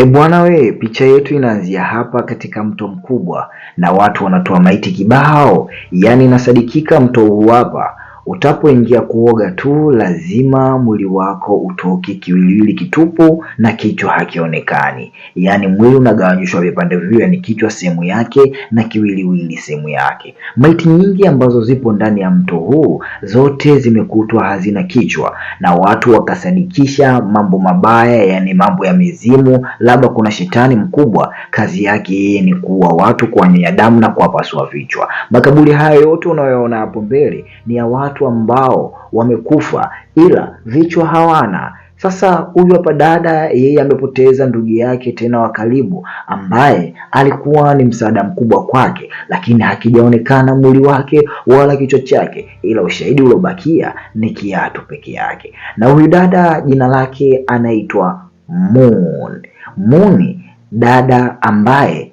E bwana we, picha yetu inaanzia hapa katika mto mkubwa na watu wanatoa maiti kibao, yaani inasadikika mto huu hapa Utapoingia kuoga tu, lazima mwili wako utoke kiwiliwili kitupu na kichwa hakionekani. Yaani mwili unagawanyishwa vipande viwili, yaani kichwa sehemu yake na kiwiliwili sehemu yake. Maiti nyingi ambazo zipo ndani ya mto huu zote zimekutwa hazina kichwa, na watu wakasadikisha mambo mabaya, yaani mambo ya mizimu, labda kuna shetani mkubwa, kazi yake yeye ni kuua watu, kuwanyonya damu na kuwapasua vichwa. Makaburi haya yote unayoona hapo mbele ni ya watu watu ambao wamekufa ila vichwa hawana. Sasa huyu hapa dada yeye amepoteza ndugu yake tena wa karibu ambaye alikuwa ni msaada mkubwa kwake, lakini hakijaonekana mwili wake wala kichwa chake, ila ushahidi uliobakia ni kiatu peke yake. Na huyu dada jina lake anaitwa Moon. Moon dada ambaye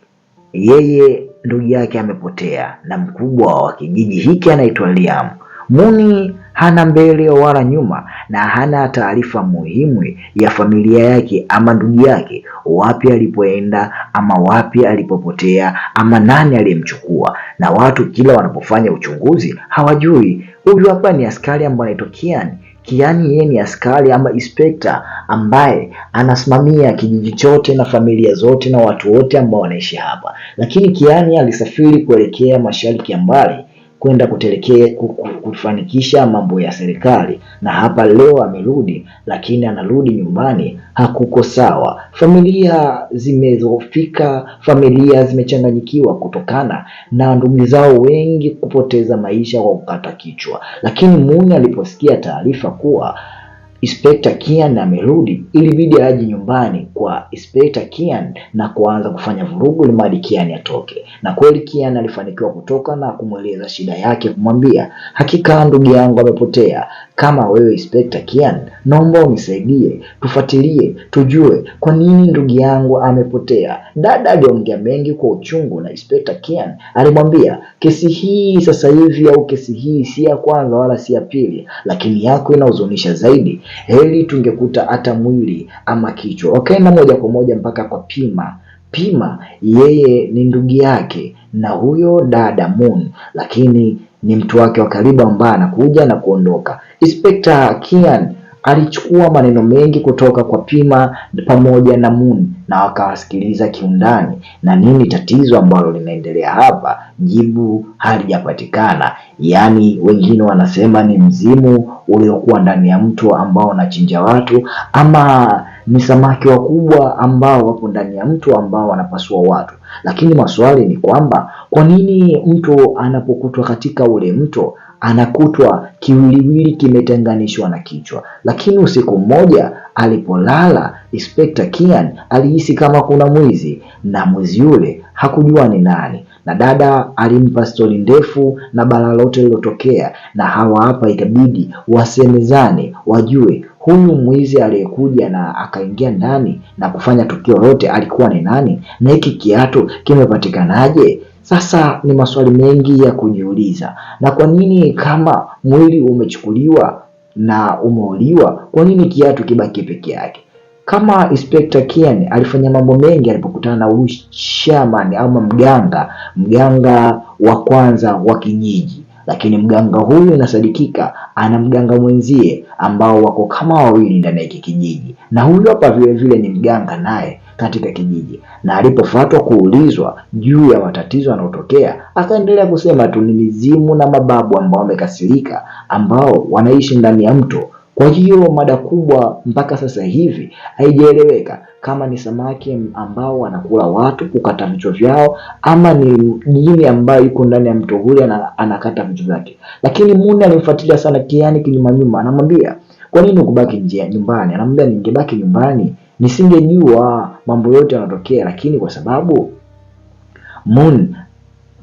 yeye ndugu yake amepotea, na mkubwa wa kijiji hiki anaitwa Liam. Muni hana mbele wala nyuma na hana taarifa muhimu ya familia yake ama ndugu yake, wapi alipoenda ama wapi alipopotea ama nani aliyemchukua. Na watu kila wanapofanya uchunguzi hawajui, huyu hapa ni askari ambaye anaitwa Kiani. Kiani yeye ni askari ama inspekta ambaye anasimamia kijiji chote na familia zote na watu wote ambao wanaishi hapa, lakini Kiani alisafiri kuelekea mashariki ya mbali kwenda kutelekea kufanikisha mambo ya serikali, na hapa leo amerudi, lakini anarudi nyumbani hakuko sawa. Familia zimezofika, familia zimechanganyikiwa kutokana na ndugu zao wengi kupoteza maisha kwa kukata kichwa, lakini Muni aliposikia taarifa kuwa Inspector Kian amerudi, ilibidi aje nyumbani kwa Inspector Kian na kuanza kufanya vurugu limadi Kian atoke. Na kweli Kian alifanikiwa kutoka na kumweleza shida yake, kumwambia hakika ndugu yangu amepotea. Kama wewe Inspector Kian, naomba unisaidie, tufuatilie, tujue kwa nini ndugu yangu amepotea. Dada aliongea mengi kwa uchungu, na Inspector Kian alimwambia kesi hii sasa hivi au kesi hii si ya kwanza wala si ya pili, lakini yako inahuzunisha zaidi heri tungekuta hata mwili ama kichwa. Wakaenda moja kwa moja mpaka kwa Pima. Pima yeye ni ndugu yake na huyo dada Moon, lakini ni mtu wake wa karibu ambaye anakuja na kuondoka. Inspekta Kian Alichukua maneno mengi kutoka kwa Pima pamoja na Moon na wakawasikiliza kiundani. Na nini tatizo ambalo linaendelea hapa? Jibu halijapatikana. Yaani wengine wanasema ni mzimu uliokuwa ndani ya mto ambao unachinja watu, ama ni samaki wakubwa ambao wapo ndani ya mto ambao wanapasua watu. Lakini maswali ni kwamba kwa nini mtu anapokutwa katika ule mto anakutwa kiwiliwili kimetenganishwa na kichwa. Lakini usiku mmoja alipolala, Inspekta Kian alihisi kama kuna mwizi, na mwizi yule hakujua ni nani, na dada alimpa stori ndefu na balaa lote lilotokea, na hawa hapa ikabidi wasemezane, wajue huyu mwizi aliyekuja na akaingia ndani na kufanya tukio lote alikuwa ni nani, na hiki kiatu kimepatikanaje? Sasa ni maswali mengi ya kujiuliza. Na kwa nini kama mwili umechukuliwa na umeuliwa, kwa nini kiatu kibaki peke yake? Kama Inspector Kian alifanya mambo mengi alipokutana na huyu shaman ama mganga, mganga wa kwanza wa kijiji, lakini mganga huyu inasadikika ana mganga mwenzie ambao wako kama wawili ndani ya kijiji, na huyu hapa vilevile ni mganga naye katika kijiji, na alipofuatwa kuulizwa juu ya matatizo yanayotokea akaendelea kusema tu ni mizimu na mababu ambao wamekasirika, ambao wanaishi ndani ya mto. Kwa hiyo mada kubwa mpaka sasa hivi haijaeleweka kama ni samaki ambao wanakula watu kukata vichwa vyao, ama ni jini ambayo yuko ndani ya mto hule anakata vichwa vyake. Lakini Mune alimfuatilia sana Kiani kinyumanyuma, anamwambia kwa nini ukubaki nyumbani? Anamwambia ningebaki nyumbani nisingejua mambo yote yanatokea, lakini kwa sababu Moon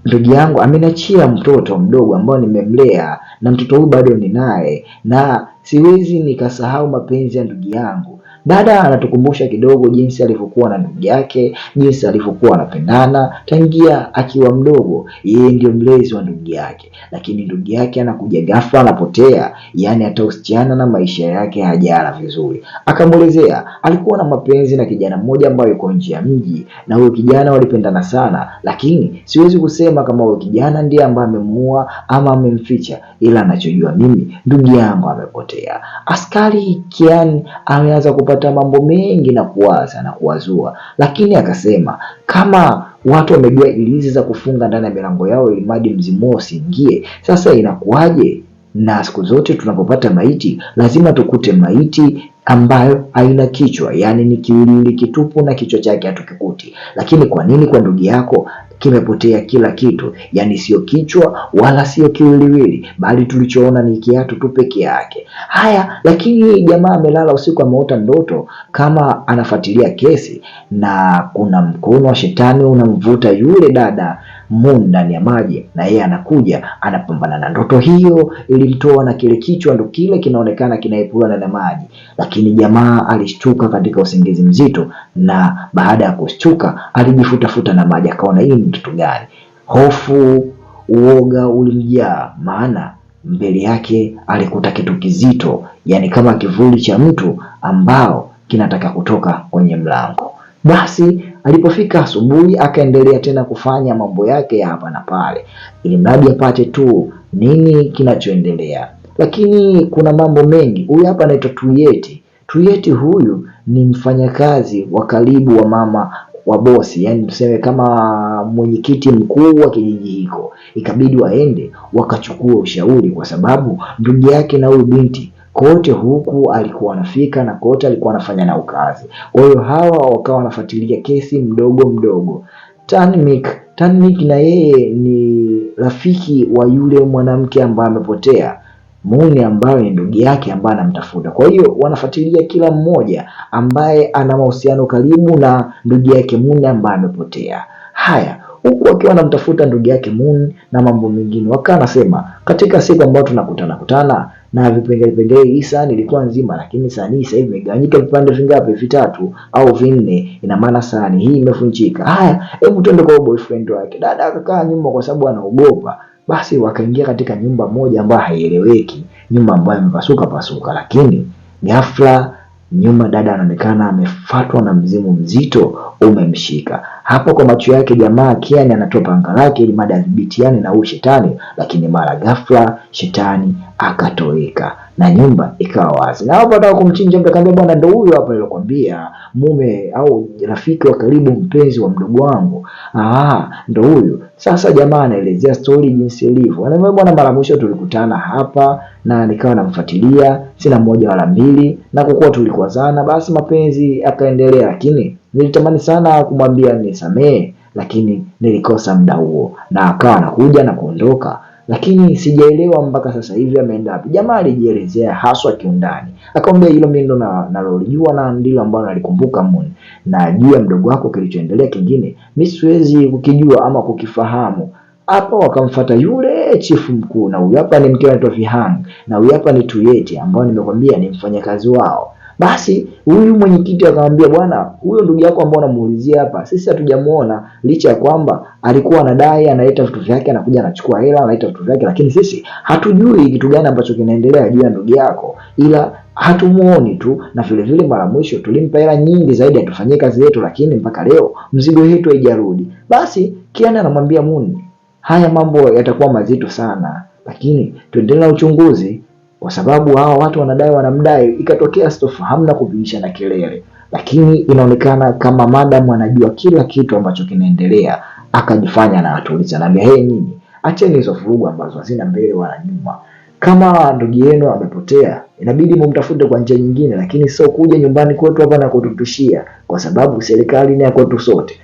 ndugu yangu ameniachia mtoto mdogo ambao nimemlea, na mtoto huyu bado ninaye, na siwezi nikasahau mapenzi ya ndugu yangu. Dada anatukumbusha kidogo jinsi alivyokuwa na ndugu yake, jinsi alivyokuwa anapendana tangia akiwa mdogo. Yeye ndio mlezi wa ndugu yake, lakini ndugu yake anakuja ghafla, anapotea. Yani hata uhusiana na maisha yake hajala vizuri. Akamwelezea alikuwa na mapenzi na kijana mmoja ambaye yuko nje ya mji, na huyo kijana walipendana sana, lakini siwezi kusema kama huyo kijana ndiye ambaye amemuua ama amemficha, ila anachojua mimi, ndugu yangu amepotea. Askari Kiani ameanza kupata kupata mambo mengi na kuwaza na kuwazua, lakini akasema kama watu wamejua ilizi za kufunga ndani ya milango yao imadi mzimu usiingie, sasa inakuwaje? Na siku zote tunapopata maiti lazima tukute maiti ambayo haina kichwa, yaani ni kiwiliwili kitupu na kichwa chake hatukikuti. Lakini kwa nini kwa ndugu yako kimepotea kila kitu, yaani sio kichwa wala sio kiwiliwili, bali tulichoona ni kiatu tu peke yake. Haya, lakini jamaa amelala usiku, ameota ndoto kama anafuatilia kesi, na kuna mkono wa shetani unamvuta yule dada Moon ndani ya maji na yeye anakuja anapambana na ndoto hiyo, ilimtoa na kile kichwa ndo kile kinaonekana kinaepulana na maji, lakini jamaa alishtuka katika usingizi mzito, na baada ya kushtuka alijifutafuta na maji, akaona hii ni mtoto gani. Hofu, uoga ulimjaa, maana mbele yake alikuta kitu kizito, yani kama kivuli cha mtu ambao kinataka kutoka kwenye mlango. Basi Alipofika asubuhi, akaendelea tena kufanya mambo yake ya hapa na pale, ili mradi apate tu nini kinachoendelea. Lakini kuna mambo mengi. Huyu hapa anaitwa Tuyeti. Tuyeti huyu ni mfanyakazi wa karibu wa mama wa bosi, yani tuseme kama mwenyekiti mkuu wa kijiji hiko. Ikabidi waende wakachukua ushauri, kwa sababu ndugu yake na huyu binti kote huku alikuwa anafika na kote alikuwa anafanya nao kazi. Kwa hiyo hawa wakawa wanafuatilia kesi mdogo mdogo. Tanmik Tanmik na yeye ni rafiki wa yule mwanamke ambaye amepotea Muni ambayo ni ndugu yake ambaye anamtafuta. Kwa hiyo wanafuatilia kila mmoja ambaye ana mahusiano karibu na ndugu yake Muni ambaye amepotea. Haya, huku akiwa anamtafuta ndugu yake Muni na mambo mengine, wakaa anasema katika siku ambayo tunakutana kutana na vipengele vipengele. Hii sahani ilikuwa nzima, lakini sahani hii sasa hivi imegawanyika vipande vingapi? Vitatu au vinne. Ina maana sahani hii imefunjika. Haya, hebu twende kwa boyfriend wake. Dada akakaa nyuma kwa sababu anaogopa. Basi wakaingia katika nyumba moja ambayo haieleweki, nyumba ambayo imepasuka pasuka, lakini ghafla nyuma, dada anaonekana amefatwa na mzimu mzito umemshika. Hapo kwa macho yake jamaa Kiani anatoa panga lake ili mada adhibitiane na huyu shetani, lakini mara ghafla shetani akatoweka na nyumba ikawa wazi. Na hapo ataka kumchinja mtu, akaambia bwana, ndio huyo hapa nilokwambia, mume au rafiki wa karibu, mpenzi wa mdogo wangu, ah, ndio huyo. Sasa jamaa anaelezea stori jinsi ilivyo, anamwambia bwana, mara mwisho tulikutana hapa na nikawa namfuatilia, sina moja wala mbili, na kukua kuwa tulikwazana, basi mapenzi akaendelea, lakini Nilitamani sana kumwambia nisamehe, lakini nilikosa muda huo, na akawa anakuja na kuondoka, lakini sijaelewa mpaka sasa hivi ameenda wapi. Jamaa alijielezea haswa kiundani, akamwambia hilo mimi ndo nalolijua na ndilo ambalo nalikumbuka Moon, na juu ya mdogo wako kilichoendelea kingine mimi siwezi kukijua ama kukifahamu. Hapo wakamfata yule chifu mkuu, na huyu hapa ni mke anaitwa Vihang, na huyu hapa ni Tuyeti, ambao nimekwambia ni mfanyakazi wao basi huyu mwenyekiti akamwambia, bwana, huyo ndugu yako ambao unamuulizia hapa, sisi hatujamuona, licha ya kwamba alikuwa anadai analeta vitu vyake, anakuja anachukua hela, analeta vitu vyake, lakini sisi hatujui kitu gani ambacho kinaendelea juu ya ndugu yako, ila hatumuoni tu, na vile vile mara mwisho tulimpa hela nyingi zaidi atufanyie kazi yetu, lakini mpaka leo mzigo wetu haijarudi. Basi Kiana anamwambia Muni, haya mambo yatakuwa mazito sana, lakini tuendelee na uchunguzi kwa sababu hawa watu wanadai wanamdai, ikatokea sitofahamu na kupigisha na kelele, lakini inaonekana kama madam anajua kila kitu ambacho kinaendelea, akajifanya na atuliza, na naambia hey, nyinyi acheni hizo furugu ambazo hazina mbele wala nyuma. Kama ndugu yenu amepotea, inabidi mumtafute kwa njia nyingine, lakini sio kuja nyumbani kwetu hapa na kututushia, kwa sababu serikali ni ya kwetu sote.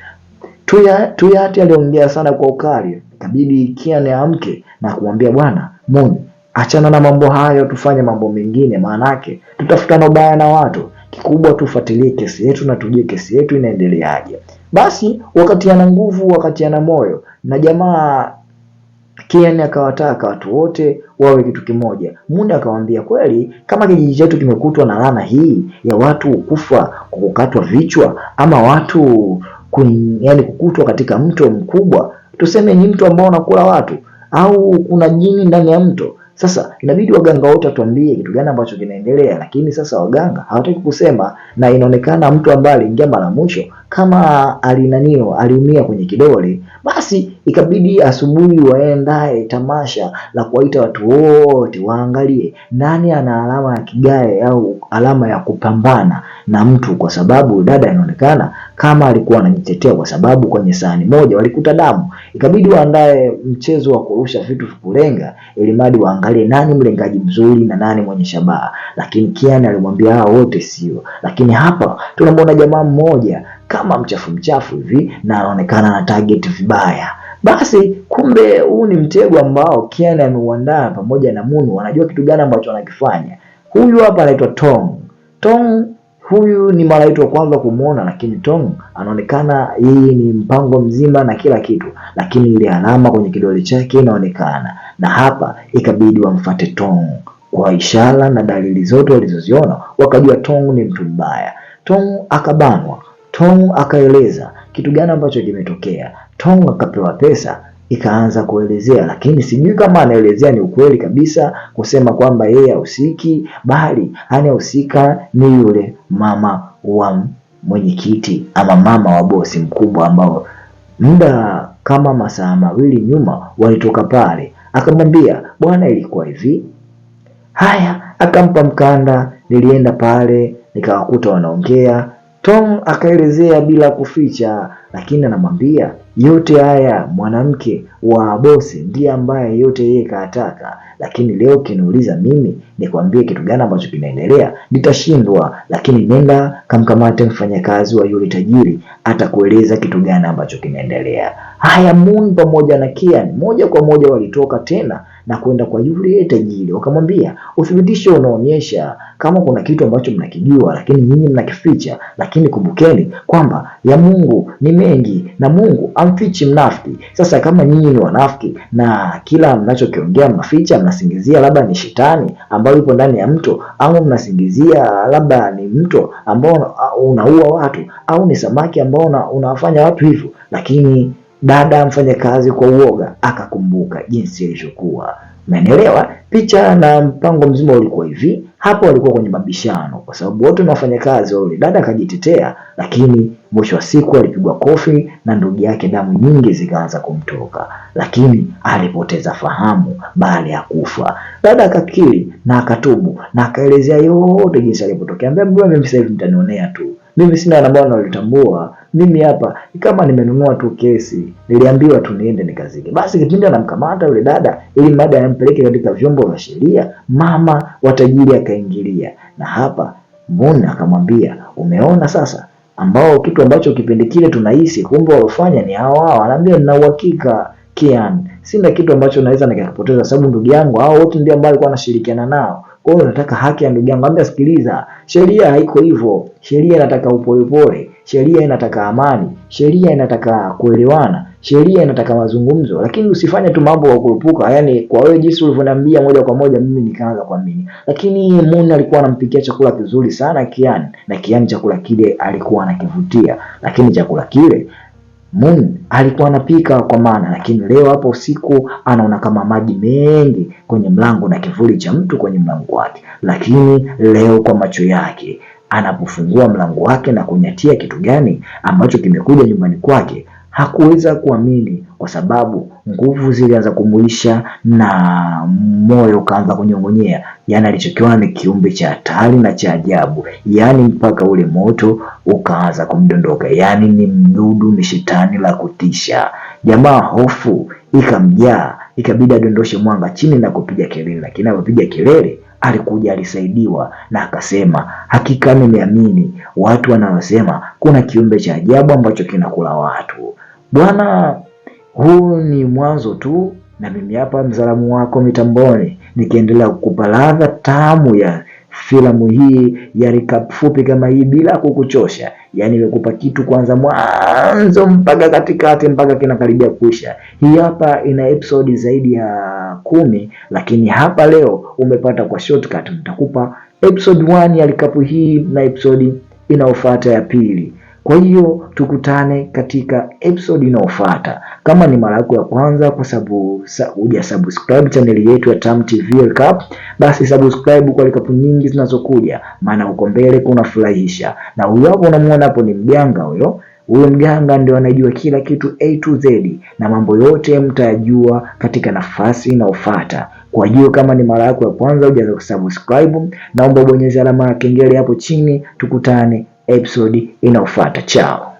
Tuyati aliongea sana kwa ukali, ikabidi Kian aamke na kumwambia bwana Mungu Achana na mambo hayo, tufanye mambo mengine, maanake tutafutana ubaya na watu. Kikubwa tufuatilie kesi yetu na tujue kesi yetu inaendeleaje. Basi wakati ana nguvu, wakati ana moyo, na jamaa Kian akawataka watu wote wawe kitu kimoja. Munda akawaambia, kweli kama kijiji chetu kimekutwa na laana hii ya watu kufa kwa kukatwa vichwa ama watu kun, yani kukutwa katika mto mkubwa, tuseme ni mto ambao unakula watu au kuna jini ndani ya mto sasa inabidi waganga wote watuambie kitu gani ambacho kinaendelea, lakini sasa waganga hawataki kusema, na inaonekana mtu ambaye aliingia mara mwisho kama alinanio aliumia kwenye kidole, basi ikabidi asubuhi waendae tamasha la kuwaita watu wote waangalie nani ana alama ya kigae au alama ya kupambana na mtu, kwa sababu dada inaonekana kama alikuwa anajitetea, kwa sababu kwenye sahani moja walikuta damu. Ikabidi waandae mchezo wa kurusha vitu vya kulenga, ili mradi waangalie nani mlengaji mzuri na nani mwenye shabaha. Lakini Kiani alimwambia hao wote sio. Lakini hapa tunamwona jamaa mmoja kama mchafu mchafu hivi na anaonekana na target vibaya. Basi kumbe huu ni mtego ambao Kiani ameuandaa pamoja na Munu. Wanajua kitu gani ambacho wanakifanya. Huyu hapa anaitwa Tong. Tong Huyu ni mara yetu ya kwanza kumwona, lakini Tom anaonekana hii ni mpango mzima na kila kitu, lakini ile alama kwenye kidole chake inaonekana, na hapa ikabidi wamfate Tom kwa ishara na dalili zote walizoziona, wakajua Tom ni mtu mbaya. Tom akabanwa, Tom akaeleza kitu gani ambacho kimetokea, Tom akapewa pesa ikaanza kuelezea, lakini sijui kama anaelezea ni ukweli kabisa kusema kwamba yeye hahusiki, bali anayehusika ni yule mama wa mwenyekiti ama mama wa bosi mkubwa, ambao muda kama masaa mawili nyuma walitoka pale. Akamwambia, bwana, ilikuwa hivi. Haya, akampa mkanda, nilienda pale nikawakuta wanaongea. Tom akaelezea bila kuficha, lakini anamwambia yote haya mwanamke wa bosi ndiye ambaye yote yeye kaataka, lakini leo kiniuliza mimi nikwambie kitu gani ambacho kinaendelea, nitashindwa. Lakini nenda kamkamate mfanyakazi wa yule tajiri, atakueleza kitu gani ambacho kinaendelea. Haya, Moon pamoja na Kian moja kwa moja walitoka tena na kwenda kwa yule tajiri, wakamwambia uthibitisho unaonyesha kama kuna kitu ambacho mnakijua lakini nyinyi mnakificha, lakini kumbukeni kwamba ya Mungu ni mengi na Mungu amfichi mnafiki. Sasa kama nyinyi ni wanafiki na kila mnachokiongea mnaficha, mnasingizia labda ni shetani ambayo yupo ndani ya mto, au mnasingizia labda ni mto ambao unaua watu, au ni samaki ambao unawafanya watu hivyo, lakini dada mfanya kazi kwa uoga akakumbuka jinsi ilivyokuwa. Naelewa Picha na mpango mzima ulikuwa hivi. Hapo walikuwa kwenye mabishano, kwa sababu wote ni wafanyakazi wa yule dada. Akajitetea, lakini mwisho wa siku alipigwa kofi na ndugu yake, damu nyingi zikaanza kumtoka, lakini alipoteza fahamu baada ya kufa. Dada akakiri na akatubu na akaelezea yote jinsi alipotokea Mbona mimi sasa hivi mtanionea tu. Mimi sina nambao nalitambua. Mimi hapa kama nimenunua tu kesi, niliambiwa tu niende nikazike. Basi kipindi anamkamata yule dada, ili mada yampeleke katika vyombo vya sheria, mama wa tajiri akaingilia, na hapa Muna akamwambia, umeona sasa ambao kitu ambacho kipindi kile tunahisi kumbe waliofanya ni hao hao. Anaambia nina uhakika Kian, sina kitu ambacho naweza nikakipoteza, sababu ndugu yangu hao wote ndio ambao alikuwa anashirikiana nao. Kwa hiyo nataka haki ya ndugu yangu, ambia sikiliza, sheria haiko hivyo. Sheria inataka upolepole, sheria inataka amani, sheria inataka kuelewana, sheria inataka mazungumzo, lakini usifanye tu mambo ya kulupuka. Yani kwa wewe jinsi ulivyoniambia moja kwa moja, mimi nikaanza kuamini. Lakini Muna alikuwa anampikia chakula kizuri sana Kiani, na Kiani chakula kile alikuwa anakivutia, lakini chakula kile Mungu alikuwa anapika kwa maana, lakini leo hapo usiku anaona kama maji mengi kwenye mlango na kivuli cha mtu kwenye mlango wake, lakini leo kwa macho yake anapofungua mlango wake na kunyatia kitu gani ambacho kimekuja nyumbani kwake hakuweza kuamini kwa sababu nguvu zilianza kumuisha na moyo ukaanza kunyong'onyea. Yani alichokiona ni kiumbe cha hatari na cha ajabu, yaani mpaka ule moto ukaanza kumdondoka, yaani ni mdudu ni shetani la kutisha. Jamaa hofu ikamjaa, ikabidi adondoshe mwanga chini na kupiga kelele, lakini alipopiga kelele alikuja alisaidiwa na akasema, hakika nimeamini watu wanaosema kuna kiumbe cha ajabu ambacho kinakula watu. Bwana, huu ni mwanzo tu, na mimi hapa mzalamu wako mitamboni, nikiendelea kukupa ladha tamu ya filamu hii ya recap fupi kama hii bila kukuchosha. Yani imekupa kitu kwanza mwanzo mpaka katikati mpaka kinakaribia kuisha. Hii hapa ina episodi zaidi ya kumi, lakini hapa leo umepata kwa shortcut. Nitakupa episode 1 ya recap hii na episodi inayofuata ya pili. Kwa hiyo tukutane katika episode inayofuata. Kama ni mara yako ya kwanza, kwa sababu huja subscribe channel yetu ya Tam TV World Cup, basi subscribe kwa likapu nyingi zinazokuja, maana huko mbele kunafurahisha. Na huyo hapo unamuona hapo ni mganga huyo huyo mganga ndio anajua kila kitu A to Z, na mambo yote mtayajua katika nafasi inayofuata. Kwa hiyo kama ni mara yako ya kwanza hujaza kusubscribe, naomba ubonyeze alama ya kengele hapo chini, tukutane episodi inayofuata. Chao.